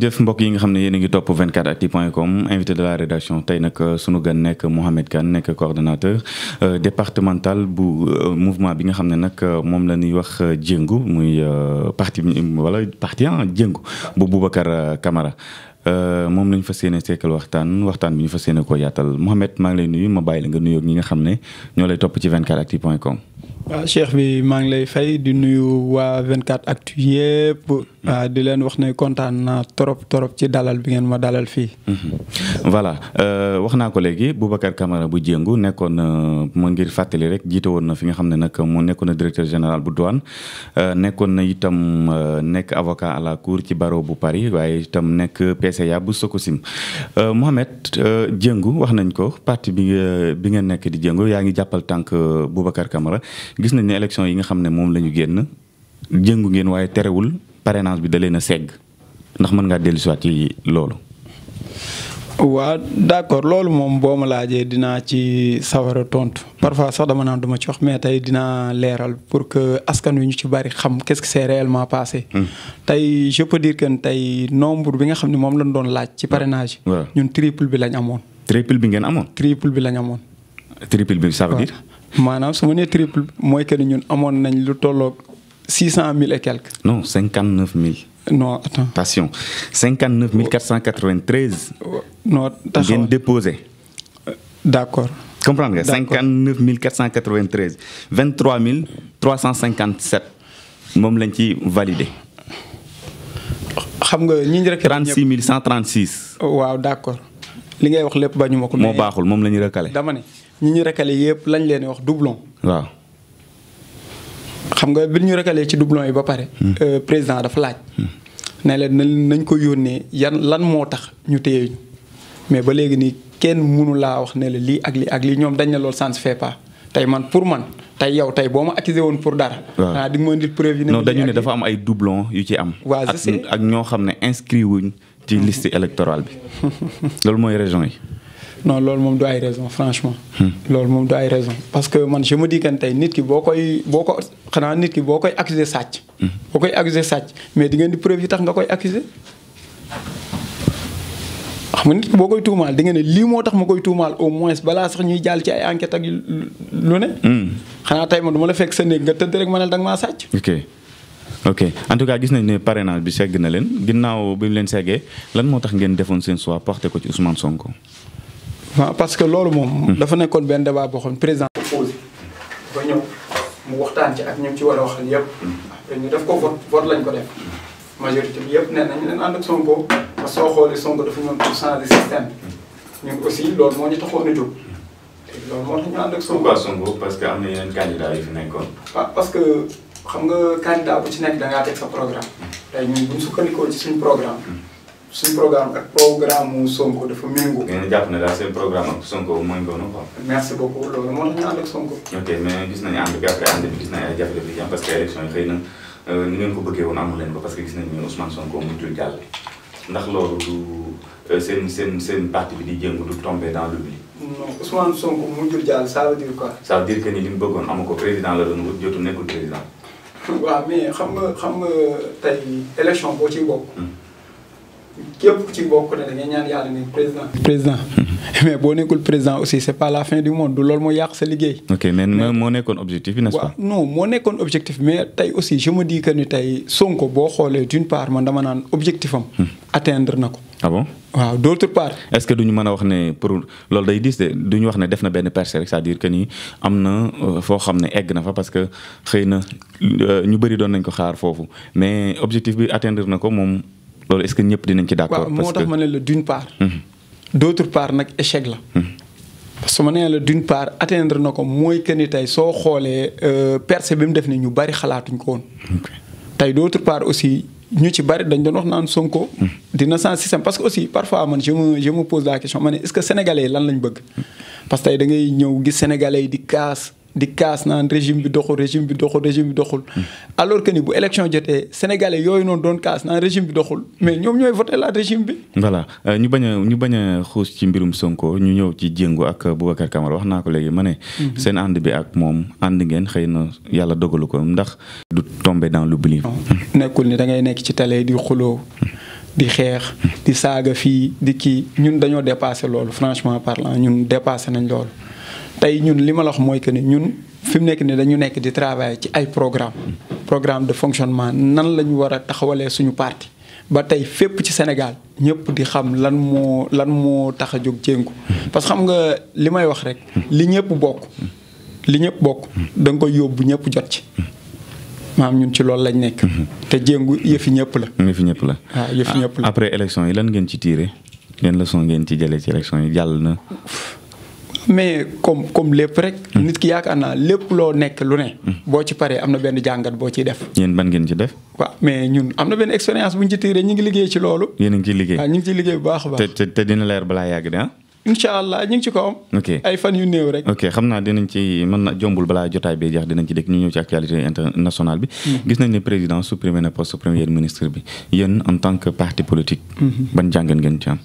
jëf mbokk yi nga xam ne yéen a ngi topp 24actu point com invité de la rédaction tey nag euh, sunu gan nekk Mouhamed Kane nekk coordonnateur euh, départemental bu euh, mouvement bi nga xam ne nag moom la ñuy wax jéngu muy parti wala parti ah jéngu bu Boubacar Camara moom la ñu fas yéene seekal waxtaan waxtaan bi ñu fa yéene koo yaatal Mouhamed maa ngi lay nuyu ma bàyyi la nga nuyoog ñi nga xam ne ñoo lay topp ci 24actu point com. waaw Cheikh bi maa waaw euh, di leen wax ne kontaan naa trop trop ci dalal bi ngeen ma dalal fii. Mhm. voilà euh, wax naa ko léegi Boubacar Camara bu jëngu nekkoon euh, ma ngir fàttali rek jiite woon na fi nga xam ne nag mu nekkoon na directeur général bu douane nekkoon na itam nekk avocat ci barreau bu Paris waaye itam nekk PCA bu Sococim Mohamed jéngu wax nañ ko parti bi bi ngeen nekk di jéngu yaa ngi jàppal tànk Boubacar Camara nañ ne élection yi nga xam ne moom la ñu génn jéngu ngeen waaye terewul. parrainage bi da leen a segg ndax mën ngaa dellusiwaat ci loolu. waa d'accord loolu moom boo ma laajee dinaa ci sawara tontu parfois sax dama naan duma ci wax mais tey dina leeral pour que askan wi ñu ci bari xam qu'est-ce qui s'est réellement passé. Hmm. tey je peux dire que tey nombre bi nga xam ne moom lañ doon laaj. ci parrainage ñun triple bi lañ amoon. triple bi ngeen amoon. triple bi lañ amoon. triple bi ça veut dire. maanaam su ma triple mooy que ñun amoon nañ lu tolloog six cent mille et quelques. non cinquante neuf mille. non attends passion cinquante neuf mille quatre cent quatre vingt treize. Oh, non taxaw ngeen d' euh, accord. comprendre nga cinquante neuf mille quatre cent quatre vingt trois mille trois cent cinquante sept moom lañ ci validé. xam nga ñi ñu rek. trente six mille cent trente six. waaw d' li ngay wax lépp bañu ñu ko. moo baaxul moom la ñu recalé. dama ne ñi ñu recalé yëpp lañ leen wax doublon. waaw. xam nga bi ñu rekalee ci doublon yi ba pare. Hmm. Euh, président dafa laaj. Hmm. ne leen nañ ko yónnee yan lan moo tax ñu téye mais ba léegi nii kenn mënu laa wax ne la lii ak lii ak lii ñoom dañ ne loolu ça ne se fait pas tey man pour man tey yow tey boo ma accusé woon pour dara. waaw di nga ma indil preuve non dañu ne dafa am ay doublon yu ci am. waaw ak ñoo xam ne inscrit wuñ ci hmm. liste électorale bi. loolu mooy raison yi. non loolu moom du ay raison franchement. Hmm. loolu moom du ay raison parce que man je me dis que tey nit ki boo koy boo ko xanaa nit ki boo koy accuser sàcc. Hmm. boo koy accuser sàcc mais di ngeen di preuve yi tax nga koy accuser xam nga nit ki boo koy tuumaal di ngeen ne lii moo tax ma koy tuumaal au moins balaa sax ñuy jàll ci ay enquête ak lu ne. Hmm. xanaa tey ma du ma la fekk sa néeg nga tëdd rek ma ne da nga maa sàcc. ok ok en tout cas gis nañ ne naa bi segg na leen ginnaaw bi mu leen seggee lan moo tax ngeen defoon seen choix porté ko ci Ousmane Sonko. waaw parce que loolu moom. Hmm. dafa nekkoon benn débat boo xam président. posé ba ñëw mu waxtaan ci ak ñoom ci war a waxal yëpp. après hmm. ñu def ko vote vote lañ ko def. Hmm. majorité bi yëpp nee nañu leen ànd ak soo xoolee Sonko dafa ñëw pour changer ñun aussi loolu moo ñu taxoon a jóg. loolu moo tax ñu ànd ak que am na yeneen candidat yu fi nekkoon. waaw ah, parce que xam nga candidat bu ci nekk da ngaa teg sa programme. tey ñun bu ñu sukkandikoo ci suñu programme. suñ programme ak programme son Sonko dafa méngoo. ngeen jàpp na daal seen programme ak Sonko méngoo na quoi. merci beaucoup loolu moo tax ñu ànd ak Sonko. ok mais gis nañ am bi après ànd bi gis nañu ay jafe-jafe yi parce que élection yi xëy na euh, ni ngeen ko bëggee woon amul leen ko parce que gis nañu Ousmane Sonko ndax loolu du euh, seen seen seen parti bi di jëngu du tombé dans l'oubli. non Ousmane Sonko mujjul jàll ça veut dire quoi. ça veut dire ni mu bëggoon amu ko président la doon wut jotu nekkul président. waaw mais xam nga xam nga tey élection boo ciy bokk. Hmm. képp ku ci bokk ne da ngay ñaan yàlla ne président. président mais boo nekkul président aussi c'est pas la fin du monde du loolu moo yàq sa liggéey. ok mais moo nekkoon objectif bi nest moo nekkoon objectif mais tey aussi je me dis ni tey Sonko boo xoolee d'une part man dama naan objectif am. Hmm. atteindre na ko. ah bon waaw d'autre ce que duñu mën a wax ne pour loolu day dis duñu wax ne def na benn percée rek cest à am na euh, foo xam ne egg na fa parce que xëy na euh, ñu bëri doon nañ ko xaar foofu mais objectif bi atteindre na ko moom. loolu est-ce que ñëpp dinañ ci d'accord. parce que waaw moo tax ma ne la d'une part. Hmm. d'autre part nag échec la. su hmm. ma nee la d'une part atteindre na ko mooy que ni tey soo xoolee euh, percée bi mu def ni ñu bari xalaatuñ ko woon. tey d'autre part aussi ñu ci bari dañ doon wax naan Sonko. Hmm. dina sans système parce que aussi parfois man je me je me pose la question ma ne est-ce que sénégalais lan lañ bëgg. parce que tey da ngay ñëw gis sénégalais di kaas. di kaas naan régime bi doxul régime bi doxul régime bi doxul. Hmm. alors que ni bu élection jotee sénégalais yooyu noonu doon kaas naan régime bi doxul mais ñoom ñooy voté la régime bi. voilà euh, ñu bañ ñu bañ a xuus ci mbirum Sonko ñu ñëw ci Diengou ak Boubacar Camara wax naa ko léegi ma ne. Hmm. seen ànd bi ak moom ànd ngeen xëy na yàlla dogalu ko ndax du tombé dans l'oubli. nekkul ni da ngay nekk ci télé di xuloo di xeex di saaga fii di kii ñun dañoo dépassé loolu franchement parlant ñun dépassé nañ loolu. tey ñun li ma la wax mooy que ne ñun fi mu nekk nii dañu nekk di travailler ci ay programme programme de fonctionnement nan la ñu war a taxawalee suñu parti ba tey fépp ci Sénégal ñëpp di xam lan moo lan moo tax a jóg jéngu parce que xam nga li may wax rek li ñëpp bokk li ñëpp bokk da koy yóbbu ñëpp jot ci maam ñun ci loolu lañ nekk. te jéngu yëfi ñëpp la. yëfi ñëpp la waaw yëfi ñëpp la. après élection yi lan ngeen ci tiire yan leçon ngeen ci jëlee ci élection yi jàll na. mais comme comme lépp rek. Hmm. nit ki yaakaar naa lépp loo nekk lu ne. Hmm. boo ci paree am na benn jàngat boo ci def. yéen ban ngeen ci def. waa mais ñun am na benn expérience bu ñu ci tiiree ñu ngi liggéey ci loolu. yéen a ngi ciy liggéey waaw ñu ngi ciy liggéey bu baax a baax. te te dina leer balaa yàgg de ah. incha allah ñu ci kawam. ok ay fan yu néew rek. ok xam naa dinañ ci mën na jombul balaa jotaay bi jeex dinañ ci dégg ñu ñëw ci actualité internationale bi. Hmm. gis nañ ne président supprimé na poste premier ministre bi yéen en tant que parti politique. ban jàngat ngeen ci am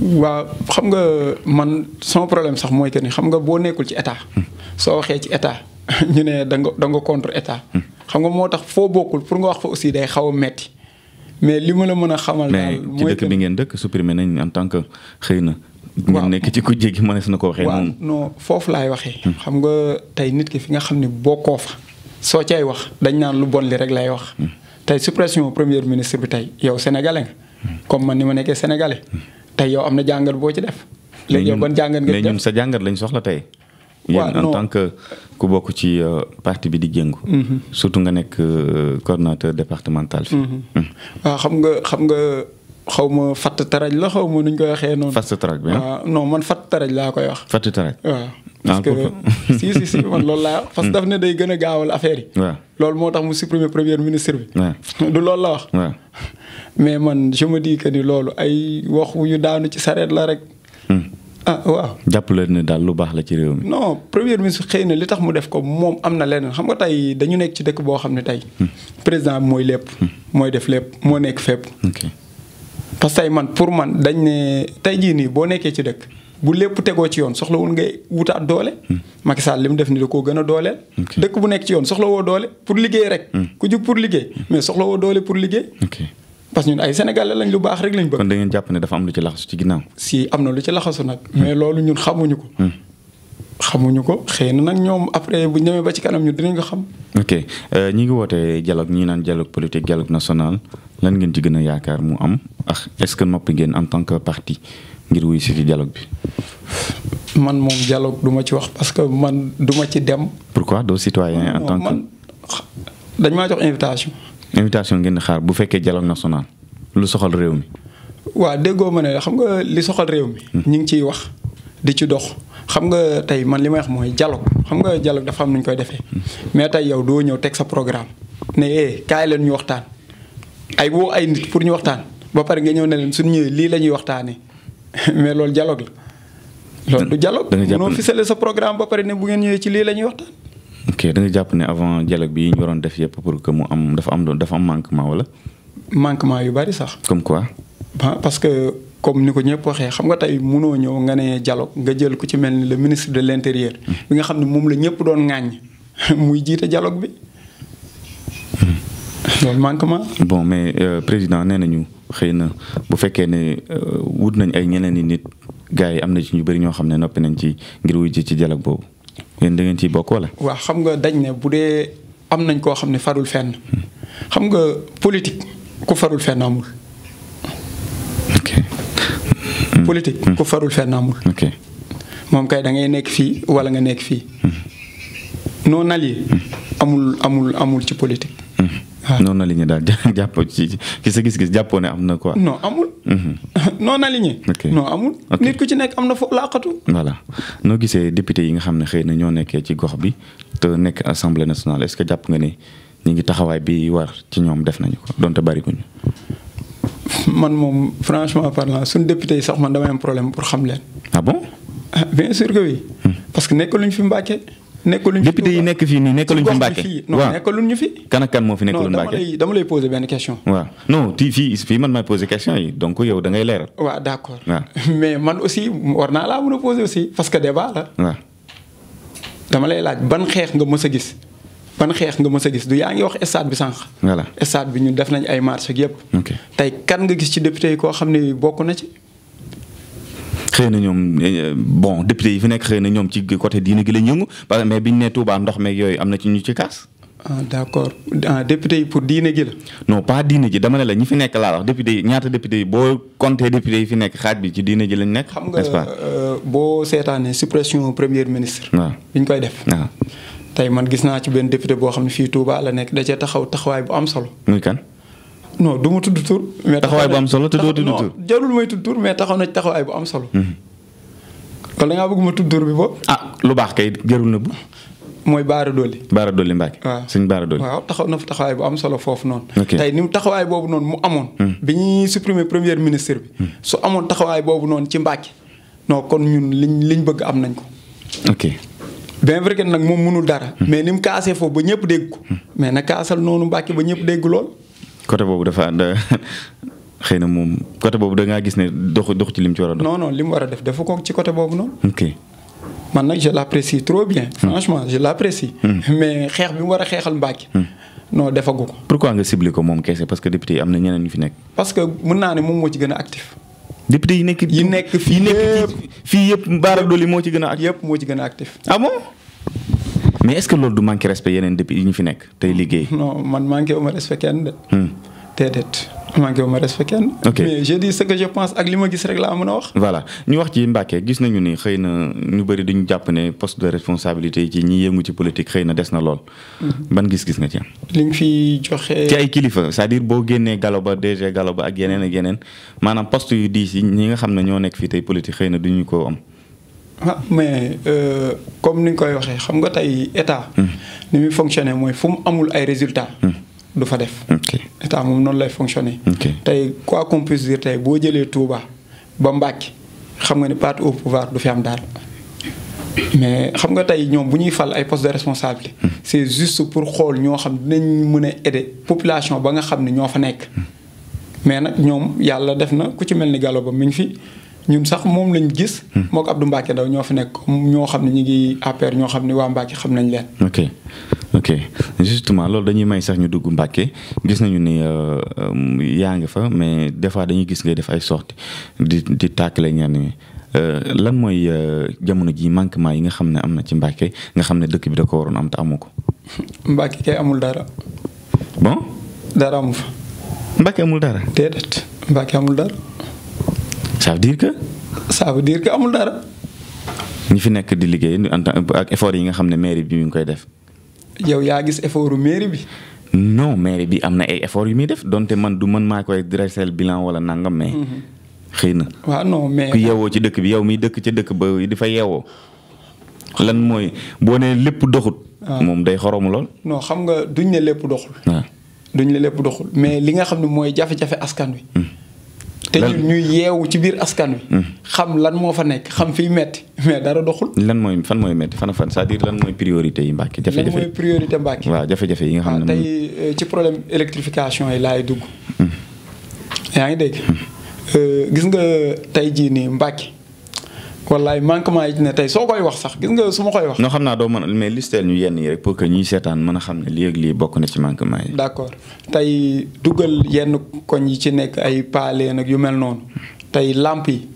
waaw xam nga man sama problème sax mooy que ni xam nga boo nekkul ci état. Hmm. soo waxee ci état ñu ne da nga da nga contre état. Hmm. xam nga moo tax foo bokkul pour nga wax fa aussi day xaw a metti mais li ma la mën a xamal. daal mooy ci dëkk bi ngeen dëkk supprimer nañ en tant que xëy na. waaw nekk ci ku jéggi mënees na ko waxee. waaw non foofu laay waxee. Hmm. xam nga tey nit ki fi nga xam ne bokkoo fa. soo cay wax dañ naan lu bon rek lay wax. tey suppression première ministre bi tey yow sénégale nga. comme man ni ma nekkee sénégalais. tey yow am na jàngat boo ci def. léegi yow ban jàngat nga def mais sa jàngat lañ soxla tey. waaw yéen en tant que ku bokk ci euh, parti bi di jëngu. Mhm. surtout nga nekk euh, coordonnateur départemental fi mhm. waaw hmm. ah, xam nga xam nga xaw ma fatt taraj la xaw ma nuñ koy waxee noonu. fatt taraj bi waaw ah? ah, man fatt taraj laa koy wax. fat taraj waaw. parce que si si si man loolu laa wax. parce que hmm. daf ne day gën a gaawal affaire yi. waaw loolu moo tax mu supprimer premier ministre bi. du loolu la wax. mais man je dii dis que ni loolu ay wax daanu ci sareet la rek. Hmm. ah waaw. jàpp leen ne daal lu baax la ci réew mi. non premier ministre xëy na li tax mu def ko moom am na leneen xam nga tey dañu nekk ci dëkk boo xam ne tey. Hmm. président mooy lépp. Hmm. mooy def lépp moo nekk fépp. parce tey man pour man dañ ne tey jii nii boo nekkee ci dëkk. bu lépp tegoo ci yoon soxla soxlawul ngay wutaat doole. Macky Sall li mu def ni da koo gën a dooleel. dëkk bu nekk ci yoon soxlawoo doole pour liggéey rek. ku pour liggéey mais soxlawoo doole pour liggéey. parce que ñun ay sénégalais lañ lu baax rek lañ bëgg. kon da ngeen jàpp ne dafa am lu ci laxasu ci ginnaaw. si am na lu ci laxasu nag. mais hmm. loolu ñun xamuñu ko. Hmm. xamuñu ko xëy na nag ñoom après bu ñemee ba ci kanam ñu dinañ ko xam. ok euh, ñi ngi woote dialogue ñi naan dialogue politique dialogue national lan ngeen ci gën a yaakaar mu am ak est-ce que noppi ngeen en tant que parti ngir wuy si ci dialogue bi. man moom dialogue duma ci wax parce que man duma ma ci dem. pourquoi doo citoyen en tant que. dañ maa jox invitation. invitation ngeen di xaar bu fekkee dialogue national lu soxal réew mi. waaw déggoo ma ne xam nga li soxal réew mi. Hmm. ñu ngi ciy wax di ci dox. xam nga tey man li may wax mooy dialogue xam nga dialogue dafa am nu koy defee hmm. mais tey yow doo ñëw teg sa programme ne eh kaay leen ñu waxtaan ay woo ay nit pour ñu waxtaan ba pare nga ñëw ne leen suñu ñëwee lii la ñuy waxtaanee mais loolu dialogue la. loolu du dialogue. da nga jàpp ne mënoo fisale sa programme ba pare ne bu ngeen ñëwee ci lii la ñuy waxtaan. ok da nga jàpp ne avant dialogue bi ñu waroon def yëpp pour que mu am dafa am dafa am manquement wala. manquement yu bari sax. comme quoi. parce que comme ni ko ñëpp waxee xam nga tey mënoo ñëw nga ne dialogue nga jël ku ci mel ni le ministre de l'intérieur. bi nga xam ne moom la ñëpp doon ŋàññ muy jiite dialogue bi. Hmm. loolu manquement. bon mais euh, président nee ñu xëy na bu fekkee ne euh, wut nañ ay ñeneen yi nit gars yi am na ci ñu bëri ñoo xam ne noppi nañ ci ngir wuy ji ci dialogue boobu. yéen da ngeen ciy bokk wala. waaw xam nga dañ ne bu dee am nañ koo xam ne farul fenn xam nga politique ku farul fenn amul. ok. Hmm. politique hmm. farul fenn amul. ok moom kay da nekk fii wala nga nekk fii. Hmm. non allié amul amul amul ci politique. Ah. non aligné daal jàpp ci ci sa gis-gis jàppoo ne am na quoi. non amul. Mhm. non aligné. non amul. nit ku ci nekk am na foofu laqatu. voilà noo gisee député yi nga xam ne xëy na ñoo nekkee ci gox bi te nekk assemblée nationale est-ce que jàpp nga ne ñu ngi taxawaay bi war ci ñoom def nañu ko donte bari ko man moom franchement parlant suñu député yi sax man damay am problème pour xam leen. ah bon. Ah, bien sûr que oui. Hmm. parce que nekk luñ fi mbàccee. nekkaluñ fi député yi nekk fii nii nekkaluñ fi Mbàkke non nekkaluñ ñu fi. kan ak kan moo fi nekkaluñ Mbàkke non dama lay dama lay poser benn question. waaw non ti fii fii man maay poser question yi donc yow da ngay leeral. waaw d' accord mais man aussi war naa laa mën a poser aussi parce que débat la. waaw dama lay laaj ban xeex nga mës a gis. ban xeex nga mës a gis du yaa ngi wax stade bi sànq. voilà stade bi ñun def nañ ay marché yëpp. tey kan nga gis ci député yi koo xam ne bokk na ci. xëy na ñoom eh, eh, bon député yi fi nekk xëy na ñoom ci côté diine gi la ñu yëngu parce que mais biñ ne Touba ndox meeg yooyu am na ci ñu ci kaas. ah d' accord ah député yi pour diine gi la. pas diine ji dama ne la fi nekk laa wax yi ñaata député yi boo compté député yi fi nekk xaaj bi ci diine ji lañ nekk. xam nga euh, boo seetaanee suppression premier ministre. waaw biñ koy def. waaw tey man gis naa ci benn député boo xam ne fii Touba la nekk da cee taxaw taxawaay bu am solo. muy non du ma tudd tur. mais taxawaay bu am solo te doo tudd tur. jarul may tudd tur mais taxaw na taxawaay bu am solo. Mhm. kon da bëgg ma tudd tur bi boobu. ah lu baax kay jarul na bu. mooy Baara Dolli. Baara Dolli Mbacke. waaw suñ Baara Dolli. waaw taxaw na fu taxawaay bu am solo foofu noonu. tey ni mu taxawaay boobu noonu mu amoon. Mhm. bi ñuy supprimer premier ministre bi. Mhm. su amoon taxawaay boobu noonu ci Mbacke. non kon ñun li ñu bëgg am nañ ko. ok bien vrai que nag moom mënul dara. mais ni mu kaasee foofu ba ñëpp dégg ko. mais na kaasal noonu Mbacke ba ñëpp dégg lool. côté boobu dafa ànd xëy na moom côté boobu da ngaa gis ne dox dox ci lim ci war a dox. non non li mu war a def defu ko ci côté boobu noonu. ok man nag je l' apprécie trop bien. Hmm. franchement je l' apprécie. Hmm. mais xeex bi mu war a xeexal Mbacke. Hmm. non defagu ko. pourquoi nga ciblé ko moom kese parce que député yi am na ñeneen ñu fi nekk. parce que mën naa ne moom moo ci gën a actif. député yi nekk. yi nekk fii yëpp fii yëpp Bara Dolly moo ci gën a. yëpp moo ci gën a actif. ah bon mais est-ce que loolu du manqué respect yeneen depuis yi ñu fi nekk tey liggéey. non man manqué wu ma respect kenn de. Hmm. déedéet manqué wu ma respect kenn. mais je dis je pense ak li ma gis rek laa mën a wax. voilà ñu wax ci Mbacke gis nañu ni xëy na ñu bëri duñu jàpp ne poste de responsabilité yi ci ñi yëngu ci politique xëy na des na lool. Hmm. ban gis-gis nga ci am. li nga fi joxe. ci ay kilifa cest diir boo génnee galo ba DG galo ba ak yeneen ak yeneen maanaam poste yu diis yi ñi nga xam ne ñoo nekk fii tey politique xëy na duñu ko am. ah mais euh, comme ni nga koy waxee xam nga tey état. Hmm. ni muy fonctionner mooy fu mu amul ay résultats. Hmm. du fa def. état moom noonu lay fonctionner. tey quoi qu'on puisse boo jëlee Touba ba Mbàkke xam nga ni parti au pouvoir du fi am daal. mais xam nga tey ñoom bu ñuy fal ay post de responsabilité. Hmm. c'est juste pour xool ñoo xam dinañ mën a aider population ba nga xam ne ñoo fa nekk. mais nag ñoom yàlla def na ku ci mel ni Gallo Ba mi fi. ñun sax moom lañ gis. Hmm. moo ko Abdou Mbacke daw ñoo fi nekk ñoo xam ne ñu ngi APR ñoo xam ne waa Mbacke xam nañ leen. ok ok justement loolu dañuy may sax ñu dugg Mbacke gis nañu ni euh, yaa ngi fa mais des fois dañuy gis ngay def ay sorties di di tàkkale ñenn ñi euh, lan mooy euh, jamono ji manquement yi nga xam ne am na ci Mbacke nga xam ne dëkk bi da ko waroon am te amu ko. Mbacke kay amul dara. bon. dara amu fa. Mbacke amul dara. déedéet Mbacke amul dara. ça veut dire que. ça veut dire amul dara. ñi fi nekk di liggéey en tant ak effort yi nga xam ne mairie bi mi koy def. yow yaa gis effortu mairie bi. non mairie bi am na ay effort yu muy def donte man du man maa koy dressé bilan wala nangam mais. Mhm. xëy na. waaw non mais ku yeewoo ci dëkk bi yow miy dëkk ci dëkk ba di fa yeewoo. lan mooy boo nee lépp doxut. Ah. moom day xoromu lool. non xam nga duñ ne lépp doxul. waaw ah. duñ mais li nga xam ne mooy jafe-jafe askan wi. Hmm. te ñun ñuy yeewu ci biir askan wi. Hmm. xam lan moo fa nekk xam fiy metti mais dara doxul. lan mooy fan mooy metti fan fan c'est-à-dire lan mooy priorité yi Mbacke. jafe-jafe lan priorité Mbacke. waaw jafe yi nga xam ne ah, tey euh, ci problème électrification yi laay dugg. Hmm. yaa ngi dégg. Hmm. Euh, gis nga tey jii nii Mbacke wallaay manquement yi ci ne tey soo koy wax sax gis nga su ma koy wax. noo xam naa doo mën mais listeel ñu yenn yi rek pour que ñuy seetaan mën a xam ne lii ak lii bokk na ci manquement yi. d' accord tey dugal yenn koñ yi ci nekk ay paale nag yu mel noonu tey làmp yi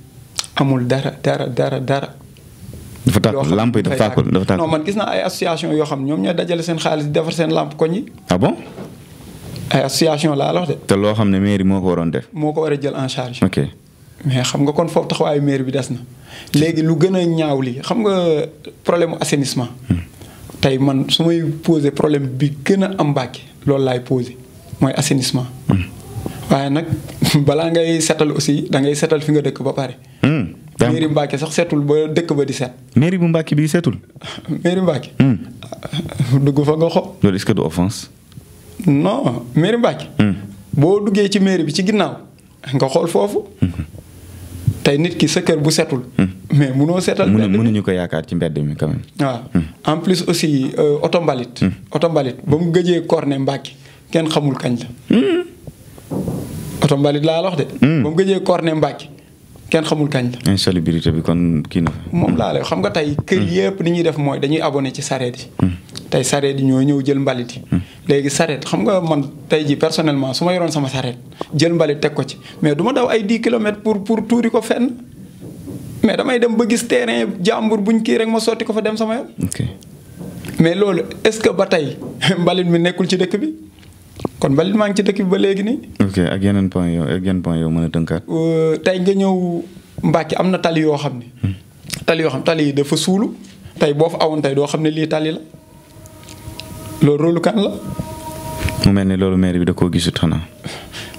amul dara dara dara dara. dafa tàkkul làmp yi dafa tàkkul dafa man gis naa ay association yoo xam ñoom ñooy dajale seen xaalis defar seen làmp koñ yi. ah bon. ay association laalo de. te loo xam ne mairie moo ko waroon def. moo ko war a jël en charge. mais xam nga kon foofu taxawaayu maire bi des na. léegi lu gën a ñaaw li xam nga problème mu assainissement. tey man su may posé problème bi gën a am Mbàkke loolu laay posé mooy assainissement. waaye nag balaa ngay setal aussi da ngay setal fi nga dëkk ba pare. Hmm. mairie Mbàkke sax setul ba dëkk ba di set. mairie bu Mbàkke bii setul. maire Mbàkke. Hmm. dugg fa nga xo. loolu est-ce que du offense. non mairie Mbàkke. Hmm. boo duggee ci maire bi ci ginnaaw nga xool foofu. tey nit ki sa kër bu setul. Hmm. mais munoo setal. mbedd mi ñu ko yaakaar ci mbedd mi quand même. Ah. Hmm. en plus aussi euh, oto mbalit. Hmm. oto mbalit ba mu gëjee corne Mbàkke kenn xamul kañ la. oto mbalit laa wax de. ba mu gëjee kenn xamul kañ la. insalubrité bi kon kii na. moom laa lay xam nga tey kër yëpp ni ñuy def mooy dañuy abonné ci sareet yi. tey sareet yi ñoo ñëw jël mbalit yi. léegi sareet xam nga man tey ji personnellement su ma yoroon sama sareet jël mbalit teg ko ci mais du ma daw ay 10 kilomètres pour pour tuuri ko fenn mais damay dem ba gis terrain jàmbur buñ kii rek ma sotti ko fa dem sama yoon. mais loolu est-ce que ba tey mbalit mi nekkul ci dëkk bi kon mbalit maa ngi ci dëkk bi ba léegi nii. ok yeneen point yow ak yeneen point mën a tënkaat. Euh, tey nga ñëw Mbàkke am na tali yoo xam ne. Hmm. tali yoo xam tali yi dafa suulu tey boo fa awoon tey doo xam ne lii tali la. loolu rôle kan la. mu mel ni loolu mairie bi da koo gisut xanaa.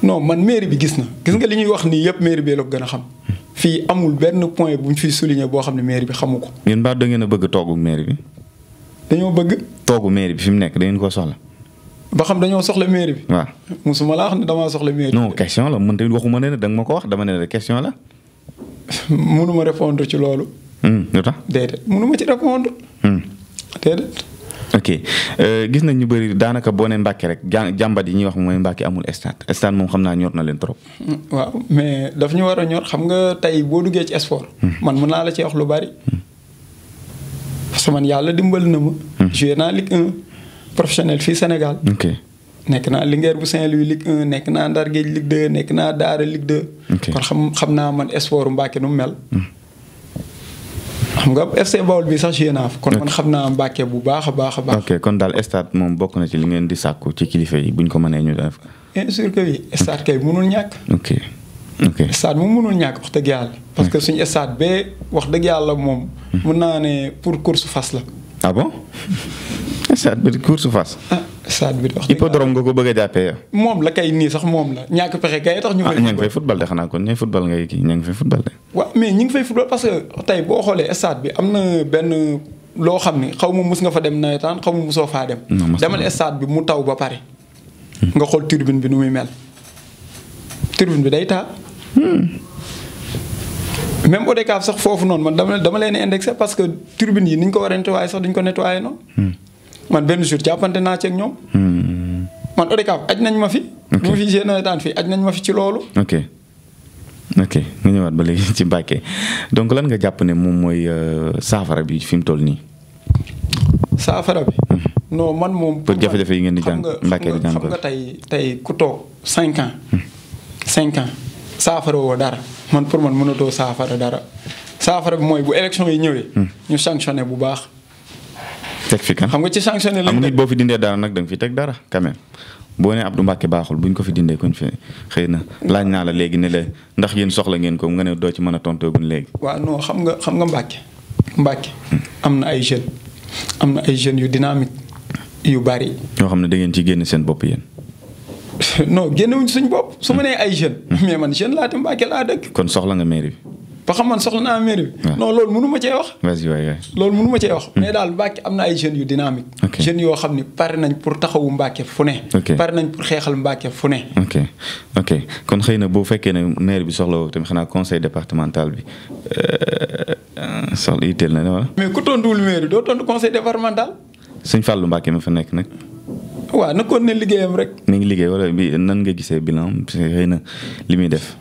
no man mairie bi gis na gis nga li ñuy wax nii yëpp mairie bee la ko gën a xam. fii amul benn point bu ñu fiy souligner boo xam ne mairie bi xamu ko. ngeen mbaa da ngeen a bëgg toogu mairie bi. dañoo bëgg. toogu mairie bi fi mu nekk da ngeen koo soxla. ba xam dañoo soxla mairie bi. waaw musuma laa wax ne damaa soxla mairie bi. non question la man tamit waxuma ne da nga ma ko wax dama ne la question la. mënuma répondre ci loolu. Hmm, lu tax déedéet mënuma ci répondre. Hmm. ok euh, gis nañ ñu bëri daanaka boo ne Mbàkke rek jàmbat yi ñuy wax mooy Mbàkke amul stade stade moom xam naa ñor na leen trop. Mm, waaw mais dafa ñu war a ñor xam nga tey boo duggee ci sport. Mm. man mën naa la ci wax lu bari. Mm. parce man yàlla dimbali na ma. joué naa Ligue 1 professionnel fii Sénégal. nekk naa Linguère bu Saint-Louis nekk naa Ndargéej Ligue nekk naa Daara Ligue 2. kon xam naa man sport Mbàkke nu mel. xam nga FC Bawol bi sax génn kon man xam naa Mbàkke bu baax a baax a baax. kon daal stade moom bokk na ci li ngeen di sàkku ci kilifa yi buñ ko mënee ñu def. bien que oui stade kay mënul ñàkk. ok ok stade moom mënul ñàkk wax dëgg yàlla. parce que suñu stade bee wax dëgg yàlla moom. mën hmm. naa ne pour course fas la. ah bon. stade bi course Fass. Ah, wax hippodrome moom la kay nii sax moom la ñàkk pexe kay gay tax. ñu ah, ngi fay de xanaa kon ñooy football ngay kii ña ngi fay football de. waaw mais ñi ngi fay football parce que tey xoolee stade bi am na benn loo xam ni xaw ma mus nga fa dem nawetaan xaw ma musoo faa dem. demal stade bi mu taw ba pare. Hmm. nga xool turbine bi nu muy mel. turbine bi day taa. Hmm. même ODCAV sax foofu noonu man dama dama leen indexé parce que turbine yi ni ñu ko war a nettoyé sax duñ ko nettoyé noonu. Hmm. man benn jour jàppante naa ci ak ñoom. Hmm. man ODCAV aj nañ ma fi. ok bu ma fi gérer fi aj nañ ma fi ci loolu. ok ok nga ñëwaat ba léegi ci Mbacké donc lan nga jàpp ne moom mooy euh, saafara bi fi mu toll nii. saafara bi. Hmm. noo man moom. pour jafe-jafe yi ngeen di jàng Mbacké di jàng tey tey ku cinq ans. Hmm. cinq ans saafara woo dara man pour man mënatoo saafara dara saafara bi mooy bu élection yi ñëwee. ñu sanctionné bu baax. teg fi kan xam nga ci sanctionné la am nit boo fi nag da nga fi teg dara quand même boo nee Abdou Mbacke baaxul buñ ko fi dindee kon fi xëy na laaj naa la léegi ne la ndax yéen soxla ngeen ko nga ne doo ci mën a tontoogun léegi. waa non xam nga xam nga Mbacke. Mbacke am na ay jeunes am na ay jeunes yu dynamique yu bari. yoo xam ne da ngeen ci génn seen bopp yéen. non génnewuñ suñ bopp. su ma hmm. nee ay jeunes. Hmm. mais man jeune laa te Mbacke laa dëkk. kon soxla nga mairie bi. ba xam man soxla naa mairie bi. non loolu mënu cee wax. vas-y waay loolu ma cee wax. Hmm. mais daal Mbacke am na ay jeunes yu dynamique. jeunes yoo xam ni pare nañ pour taxawu mbaake fu ne. pare nañ pour xeexal Mbacke fu ne. ok ok kon xëy na boo fekkee ne maire bi soxla woo tamit xanaa conseil départemental bi euh, soxla yitteel na ne wala. mais ku tontuwul maire doo tontu conseil départemental. sëñ Fallou Mbacke ma fa nekk nag. waaw na ko ne liggéeyam rek. mi ngi liggéey wala bi nan nga gisee bilan xëy na li muy def.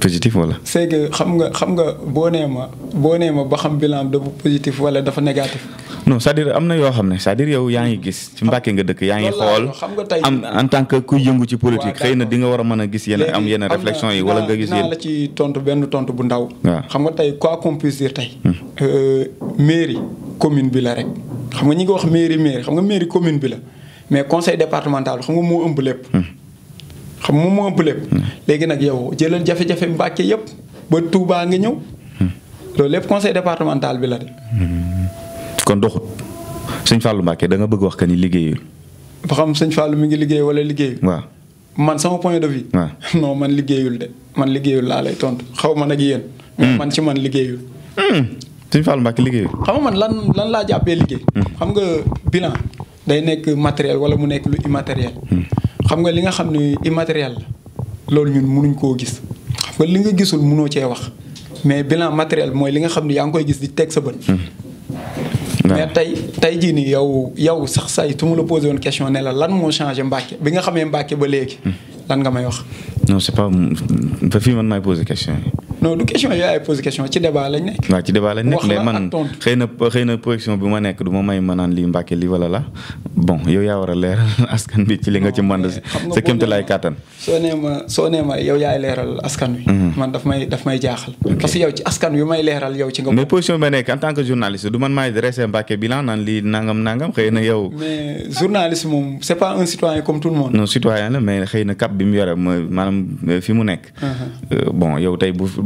positif wala. c'est que xam nga xam nga boo nee ma boo nee ma ba xam bilan dafa positif wala dafa négatif. no cest à am na yoo xam ne c'est-à-dire yaa ngi gis ci Mbàkke nga dëkk yaa ngi xool am en tant que kuy yëngu ci politique xëy na di nga war a mën a gis yenn am yenn réflexion yi wala nga gis yéen la ci tontu benn tontu bu ndaw xam nga tey quoi qu'on puisse dire tey hmm. euh, mairie commune bi la rek xam nga ñi ngi wax mairie mairie xam nga mairie commune bi la mais conseil départemental xam nga moo ëmb lépp hmm. xam moom moo ëpp lépp. léegi nag yow jëlal jafe-jafe Mbàkke yëpp ba Touba nga ñëw. loolu lépp conseil départemental bi la de. kon doxut sëñ Fallou Mbàkke danga bëgg wax que ni liggéeyul. ba xam sëñ Fallou mi ngi liggéey wala liggéeyul. waaw man sama point de vue. man liggéeyul de man liggéeyul laa lay xaw ma nag yéen. Hmm. man ci man liggéeyul. Hmm. sëñ Fallou Mbàkke liggéeyul. xam man lan lan laa jàppee liggéey. Hmm. xam nga bilan day nekk matériel wala mu nekk lu immatériel. xam nga li nga xam ne immatériel la loolu ñun mënuñ koo gis xam nga li nga gisul mënoo cee wax mais bilan matériel mooy li nga xam ne yaa ngi koy gis di teg sa bët. Hmm. mais tey tey jii nii yow yow sax say tu la posé woon question ne la lan moo changé Mbacke bi nga xamee Mbacke ba léegi. Hmm. lan nga may wax. non c'est pas ba fii man maay posé question yi non du question yooyu ay posé question ci débat lañ nekk. waaw ci débat lañ nekk mais man xëy na xëy bi ma nekk du ma may ma naan lii Mbàkke lii wala la bon yow yaa war a leeral askan bi ci li nga ci mën sa kéemte lay kàttan. soo nee ma soo nee ma yow yaay leeral askan wi. Mhm. man daf may daf may jaaxal. parce que yow ci askan wi may leeral yow ci nga. mais position bi ma nekk en tant que journaliste du man maay dressé Mbàkke bilan naan lii nangam nangam xëy na yow. mais journaliste moom c'est pas na cap bi mu yore maanaam fi mu nekk. Mhm. Euh, bon yow tey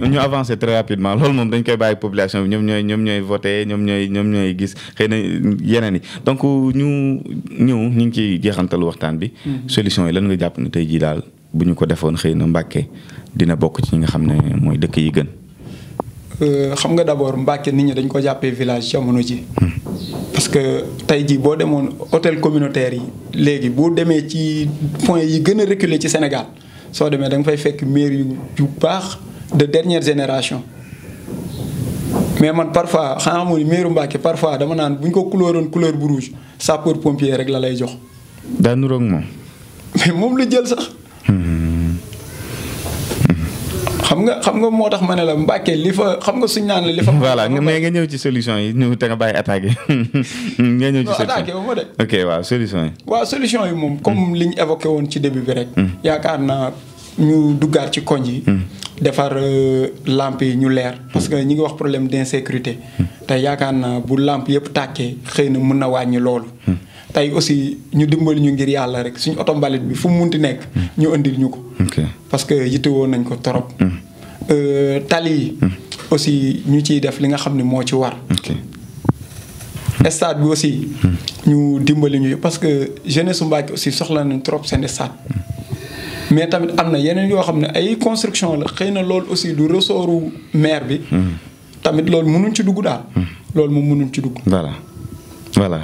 bi ñu avancer très rapidement loolu moom dañ koy bàyyi population bi ñoom ñooy ñoom ñooy voté ñoom ñooy gis xëy na yeneen yi donc ñu ñëw ñu ngi ciy jeexantalu waxtaan bi. Mm-hmm. solution yi lañu nga jàpp ne tey jii daal bu ñu ko defoon xëy na Mbàkke dina bokk ci ñi nga xam ne mooy dëkk yi gën. Euh, xam nga d'abord Mbàkke nit ñi dañ ko jàppee village jamono ji. Mm-hmm. parce que tey jii boo demoon hôtel communautaire yi léegi boo demee ci point yi gën a reculé ci Sénégal soo demee da fay fekk maire yu yu baax. de dernière génération mais man parfois xanaa moo ni meeru Mbàkke parfois dama naan bu ñu ko couleuroon couleur bu rouge sapeur pompier rek la lay jox. daa nuroog moom. mais moom la jël sax. xam nga xam nga moo tax ma ne la Mbàkke li fa xam nga suñ naan la li fa. voilà mais ñëw ci solution yi ñu te nga bàyyi attaqué. nga ñëw ci solution ma de. ok waaw solution yi. waaw solution yi moom. comme hmm. li ñu évoqué woon ci début bi rek. Hmm. yaakaar naa. ñu duggaat ci koñ yi. Hmm. defar euh, làmp yi ñu leer parce que hmm. ñu ngi wax problème d'insécurité. Hmm. te yaakaar na bu làmp yëpp tàkkee xëy na mun na wàññi loolu. tey aussi ñu dimbali ñu ngir yàlla rek suñu oto mbalit bi fu mu munti nekk. ñu indil ñu ko. parce que yittewoo nañ ko trop euh, tali yi. aussi ñu ciy def li nga xam ne moo ci war. stade bi aussi. ñu dimbali ñu parce que jeunesse su Mbacké aussi soxla nañ trop seen stade. mais tamit am na yeneen yoo xam ne ay construction la xëy na loolu aussi du ressortu maire bi. Hmm. tamit loolu mënuñ ci dugg daal. Hmm. loolu moom mënuñ ci dugg. voilà voilà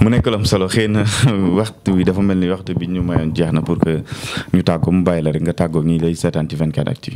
mu nekk lu am solo xëy na waxtu bi dafa mel ni waxtu bi ñu mayoon jeex na pour que ñu tàggoo mu bàyyi la rek nga tàggoo ñi lay seetaan ci 24 actu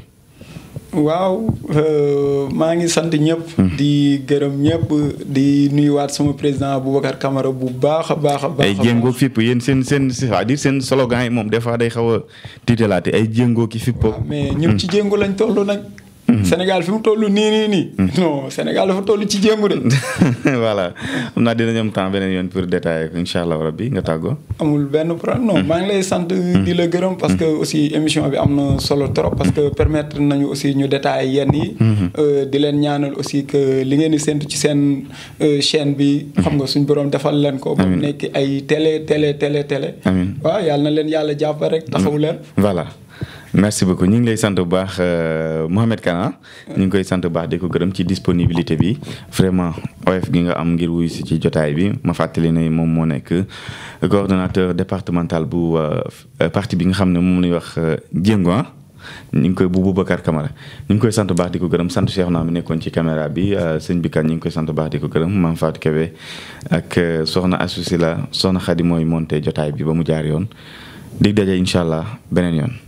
waaw euh, maa ngi sant ñëpp. Hmm. di gërëm ñëpp di nuyuwaat sama président Aboubacar Camara bu baax a baax a baax. ay jéngoo fipp yéen seen seen cest à seen slogan yi moom des fois day xaw a tiitalaate ay jéngoo ki fipp. Ah, mais ñun hmm. ci jéngu lañ toll nag. Mhm. Sénégal fi mu toll nii nii nii. Mhm. non Sénégal dafa toll ci jéngu de. voilà am naa dinañ am temps beneen yoon pour détailler ko incha allah rabbi nga tàggoo. amul benn problème non mhm. maa ngi lay sant. di la gërëm parce que aussi émission bi am na solo trop. parce que permettre nañu aussi ñu détailler yenn yi. Euh, di leen ñaanal aussi que li ngeen di séntu ci seen euh, chaîne bi. xam nga suñu borom defal leen ko. amiin nekk ay télé télé télé télé. amiin waaw yàlla na leen yàlla jàppal rek taxawu leen. voilà. merci beaucoup ñu ngi lay sant bu baax euh, Mouhamed Kane ah. ñu ngi koy sant bu baax di ko gërëm ci disponibilité bi vraiment oyof gi nga am ngir wuyu ci jotaay bi ma fàttali ne moom moo nekk coordonnateur départemental bu euh, partie bi nga xam ne moom la ñuy wax Jéngu euh, ah. ñu ngi koy bu Boubacar Camara ñu ngi koy sant baax di ko gërëm sant Cheikh naa mi nekkoon ci caméra bi sëñ bi kan ñu ngi koy sant baax di ko gërëm Mame Fatou Kébé ak soxna Assou Sylla soxna Khady mooy monté jotaay bi ba mu jaar yoon dig daje incha allah beneen yoon.